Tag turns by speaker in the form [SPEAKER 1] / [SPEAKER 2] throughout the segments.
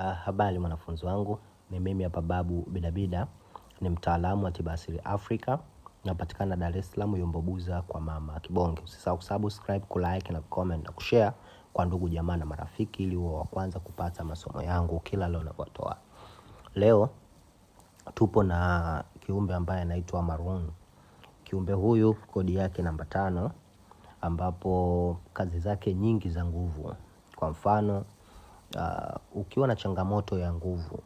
[SPEAKER 1] Ah, habari mwanafunzi wangu ni mimi hapa Babu Bidabida ni mtaalamu wa tiba asili Afrika napatikana Dar es Salaam Yombobuza kwa mama Kibonge. Usisahau kusubscribe, kulike na comment na kushare kwa ndugu jamaa na marafiki ili uwe wa kwanza kupata masomo yangu kila leo ninapotoa. Leo tupo na kiumbe ambaye anaitwa Maroon. Kiumbe huyu kodi yake namba tano ambapo kazi zake nyingi za nguvu kwa mfano Uh, ukiwa na changamoto ya nguvu,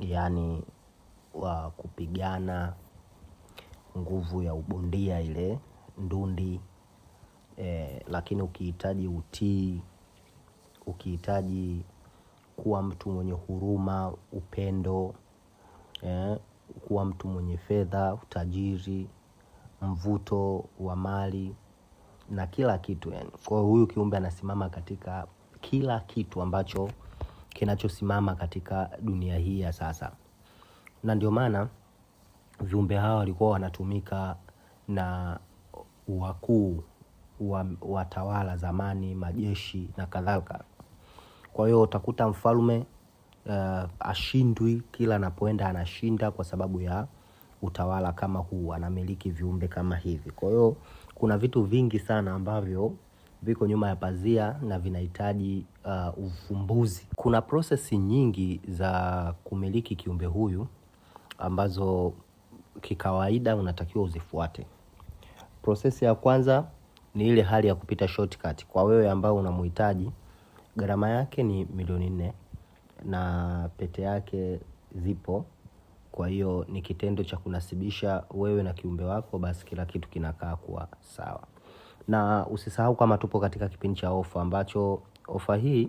[SPEAKER 1] yani wa kupigana nguvu ya ubondia ile ndundi eh, lakini ukihitaji utii, ukihitaji kuwa mtu mwenye huruma, upendo eh, kuwa mtu mwenye fedha, utajiri, mvuto wa mali na kila kitu yani. Kwa huyu kiumbe anasimama katika kila kitu ambacho kinachosimama katika dunia hii ya sasa, na ndio maana viumbe hawa walikuwa wanatumika na wakuu wa watawala zamani, majeshi na kadhalika. Kwa hiyo utakuta mfalme uh, ashindwi, kila anapoenda anashinda kwa sababu ya utawala kama huu, anamiliki viumbe kama hivi. Kwa hiyo kuna vitu vingi sana ambavyo viko nyuma ya pazia na vinahitaji uh, ufumbuzi. Kuna prosesi nyingi za kumiliki kiumbe huyu ambazo kikawaida unatakiwa uzifuate. Prosesi ya kwanza ni ile hali ya kupita shortcut. Kwa wewe ambao unamhitaji, gharama yake ni milioni nne na pete yake zipo. Kwa hiyo ni kitendo cha kunasibisha wewe na kiumbe wako, basi kila kitu kinakaa kuwa sawa na usisahau kama tupo katika kipindi cha ofa, ambacho ofa hii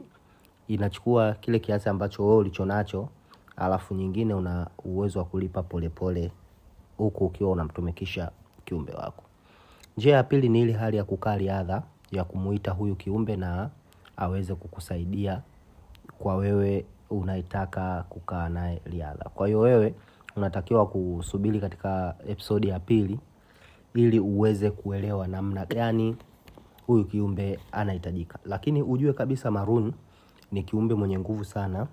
[SPEAKER 1] inachukua kile kiasi ambacho wewe ulichonacho, alafu nyingine una uwezo wa kulipa polepole huku ukiwa unamtumikisha kiumbe wako. Njia ya pili ni ile hali ya kukaa riadha ya kumuita huyu kiumbe na aweze kukusaidia kwa wewe unaitaka kukaa naye riadha. Kwa hiyo wewe unatakiwa kusubiri katika episodi ya pili ili uweze kuelewa namna gani huyu kiumbe anahitajika, lakini ujue kabisa Maruni ni kiumbe mwenye nguvu sana,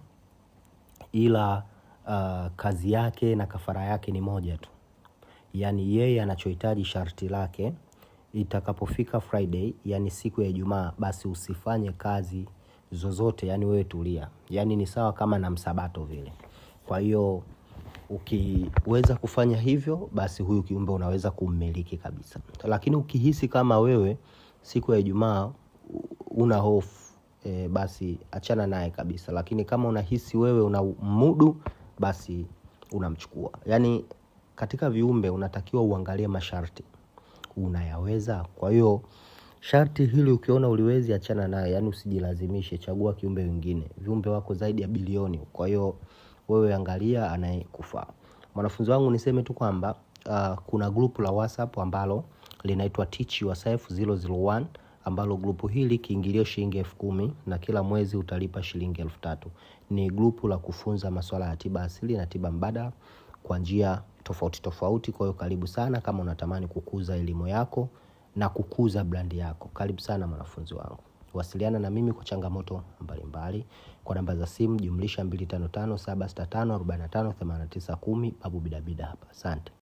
[SPEAKER 1] ila uh, kazi yake na kafara yake ni moja tu, yaani yeye anachohitaji sharti lake itakapofika Friday, yani siku ya Ijumaa, basi usifanye kazi zozote, yani wewe tulia, yani ni sawa kama na msabato vile. Kwa hiyo Ukiweza kufanya hivyo, basi huyu kiumbe unaweza kummiliki kabisa. Lakini ukihisi kama wewe siku ya Ijumaa una hofu e, basi achana naye kabisa. Lakini kama unahisi wewe una mudu basi unamchukua. Yaani katika viumbe unatakiwa uangalie masharti unayaweza. Kwa hiyo sharti hili ukiona uliwezi, achana naye, yaani usijilazimishe, chagua kiumbe wengine. Viumbe wako zaidi ya bilioni, kwa hiyo wewe angalia anayekufaa. Mwanafunzi wangu niseme tu kwamba uh, kuna grupu la WhatsApp ambalo linaitwa Teach Yourself 001 ambalo grupu hili kiingilio shilingi elfu kumi na kila mwezi utalipa shilingi elfu tatu. Ni grupu la kufunza masuala ya tiba asili na tiba mbadala kwa njia tofauti tofauti. Kwa hiyo karibu sana kama unatamani kukuza elimu yako na kukuza brandi yako. Karibu sana mwanafunzi wangu. Wasiliana na mimi kwa changamoto mbalimbali kwa namba za simu jumlisha 255 765 45 89 10 Babu Bidabida hapa. Asante.